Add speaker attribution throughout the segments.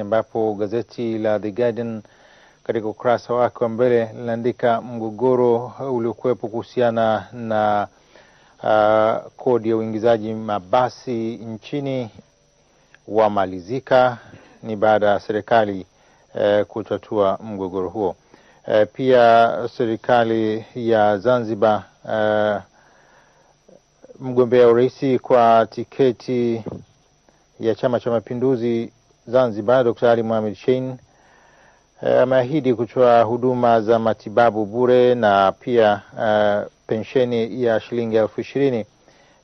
Speaker 1: ambapo gazeti la The Guardian katika ukurasa wake wa mbele linaandika mgogoro uliokuwepo kuhusiana na uh, kodi ya uingizaji mabasi nchini wamalizika. Ni baada ya serikali uh, kutatua mgogoro huo. Uh, pia serikali ya Zanzibar uh, mgombea urais kwa tiketi ya Chama cha Mapinduzi Zanzibar Dkt. Ali Mohamed Shein eh, ameahidi kutoa huduma za matibabu bure na pia uh, pensheni ya shilingi elfu ishirini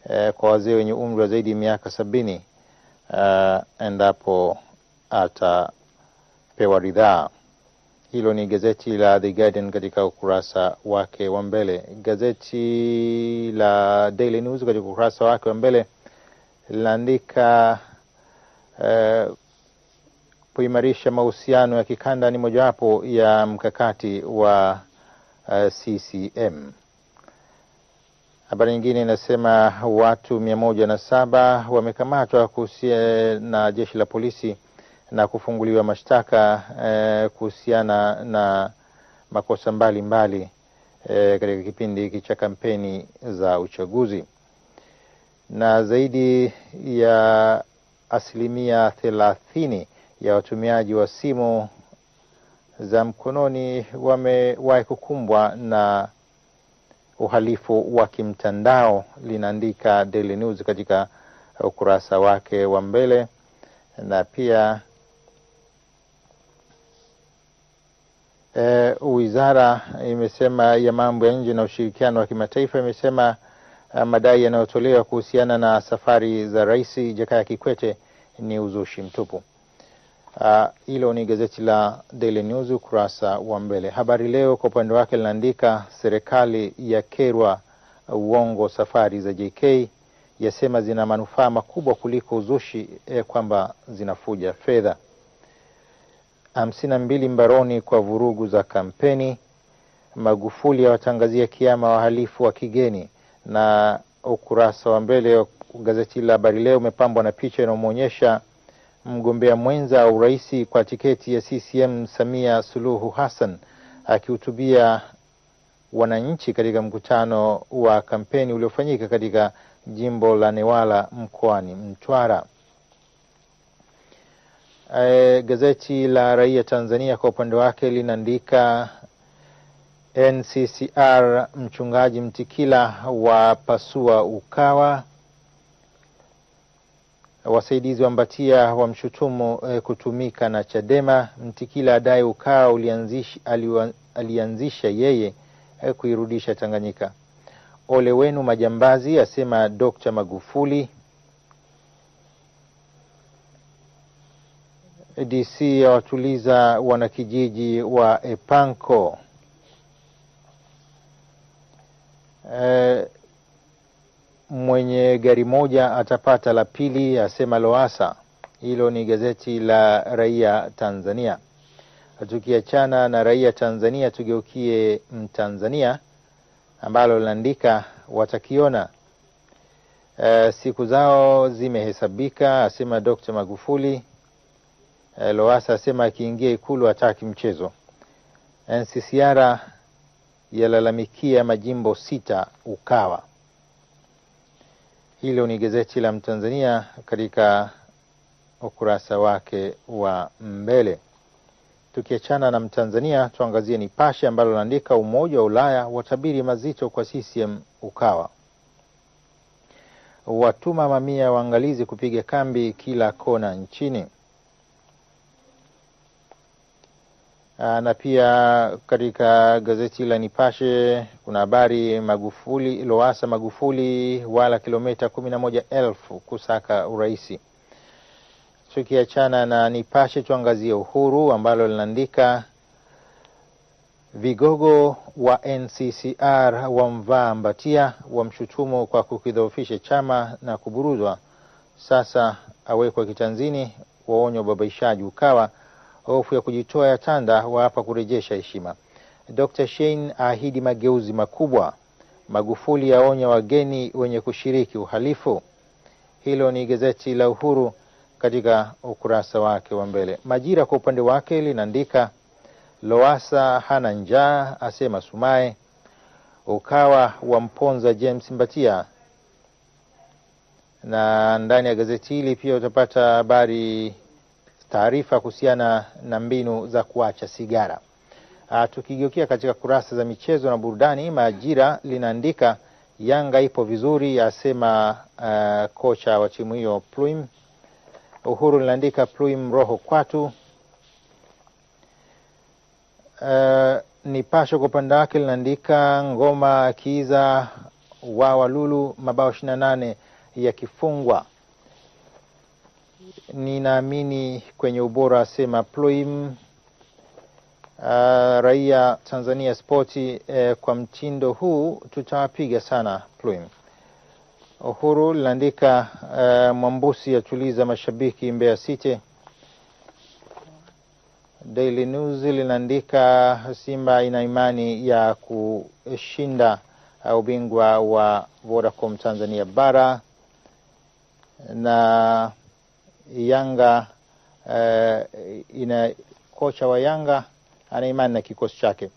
Speaker 1: uh, kwa wazee wenye umri wa zaidi ya miaka sabini uh, endapo atapewa ridhaa. Hilo ni gazeti la The Guardian katika ukurasa wake wa mbele. Gazeti la Daily News katika ukurasa wake wa mbele linaandika uh, kuimarisha mahusiano ya kikanda ni mojawapo ya mkakati wa uh, eh, CCM. Habari nyingine inasema watu mia moja na saba wamekamatwa kuhusiana na jeshi la polisi na kufunguliwa mashtaka eh, kuhusiana na makosa mbalimbali eh, katika kipindi hiki cha kampeni za uchaguzi na zaidi ya asilimia thelathini ya watumiaji wa simu za mkononi wamewahi kukumbwa na uhalifu wa kimtandao, linaandika Daily News katika ukurasa wake wa mbele, na pia e, wizara imesema ya mambo ya nje na ushirikiano wa kimataifa imesema e, madai yanayotolewa kuhusiana na safari za Rais Jakaya Kikwete ni uzushi mtupu. Uh, hilo uh, ni gazeti la Daily News ukurasa wa mbele. Habari Leo kwa upande wake linaandika serikali ya kerwa uongo safari za JK yasema zina manufaa makubwa kuliko uzushi eh, kwamba zinafuja fedha. hamsini na mbili mbaroni kwa vurugu za kampeni. Magufuli yawatangazia kiama wahalifu wa kigeni. Na ukurasa wa mbele gazeti la Habari Leo umepambwa na picha inayomwonyesha mgombea mwenza wa urais kwa tiketi ya CCM Samia Suluhu Hassan akihutubia wananchi katika mkutano wa kampeni uliofanyika katika jimbo la Newala mkoani Mtwara. E, gazeti la Raia Tanzania kwa upande wake linaandika NCCR mchungaji Mtikila wa pasua Ukawa. Wasaidizi wa Mbatia wamshutumu eh, kutumika na Chadema. Mtikila adai ukaa alianzisha yeye eh, kuirudisha Tanganyika. Ole wenu majambazi, asema Dr. Magufuli. DC awatuliza wanakijiji wa Epanko. Eh, mwenye gari moja atapata la pili, asema Loasa. Hilo ni gazeti la Raia Tanzania. Tukiachana na Raia Tanzania, tugeukie Mtanzania ambalo linaandika watakiona e, siku zao zimehesabika, asema Dkt. Magufuli. E, Loasa asema akiingia Ikulu hataki mchezo. NCCR yalalamikia majimbo sita Ukawa. Hilo ni gazeti la Mtanzania katika ukurasa wake wa mbele. Tukiachana na Mtanzania, tuangazie Nipashe ambalo linaandika umoja wa Ulaya watabiri mazito kwa CCM, Ukawa watuma mamia waangalizi kupiga kambi kila kona nchini. Ah, na pia katika gazeti la Nipashe kuna habari Magufuli, Lowassa Magufuli wala kilomita kumi na moja elfu kusaka uraisi. Tukiachana na Nipashe, tuangazie Uhuru ambalo linaandika vigogo wa NCCR wamvaa Mbatia, wamshutumu kwa kukidhoofisha chama na kuburuzwa, sasa awekwa kitanzini, waonywa ubabaishaji Ukawa hofu ya kujitoa ya Tanda waapa kurejesha heshima. Dr. Shein aahidi mageuzi makubwa. Magufuli yaonya wageni wenye kushiriki uhalifu. Hilo ni gazeti la Uhuru katika ukurasa wake wa mbele. Majira kwa upande wake linaandika Lowasa hana njaa asema Sumaye, Ukawa wa mponza James Mbatia. Na ndani ya gazeti hili pia utapata habari taarifa kuhusiana na mbinu za kuacha sigara. Ah, tukigeukia katika kurasa za michezo na burudani, Majira linaandika Yanga ipo vizuri, asema uh, kocha wa timu hiyo Pluim. Uhuru linaandika Pluim roho kwatu. Uh, ah, pasho kwa upande wake linaandika ngoma kiiza wa walulu mabao ishirini na nane yakifungwa ninaamini kwenye ubora, asema Ploim. Uh, raia Tanzania Spoti, eh, kwa mtindo huu tutawapiga sana Ploim. Uhuru linaandika uh, Mwambusi yatuliza mashabiki mbea City. Daily News linaandika Simba ina imani ya kushinda uh, ubingwa wa Vodacom Tanzania Bara, na Yanga uh, ina kocha wa Yanga ana imani na kikosi chake.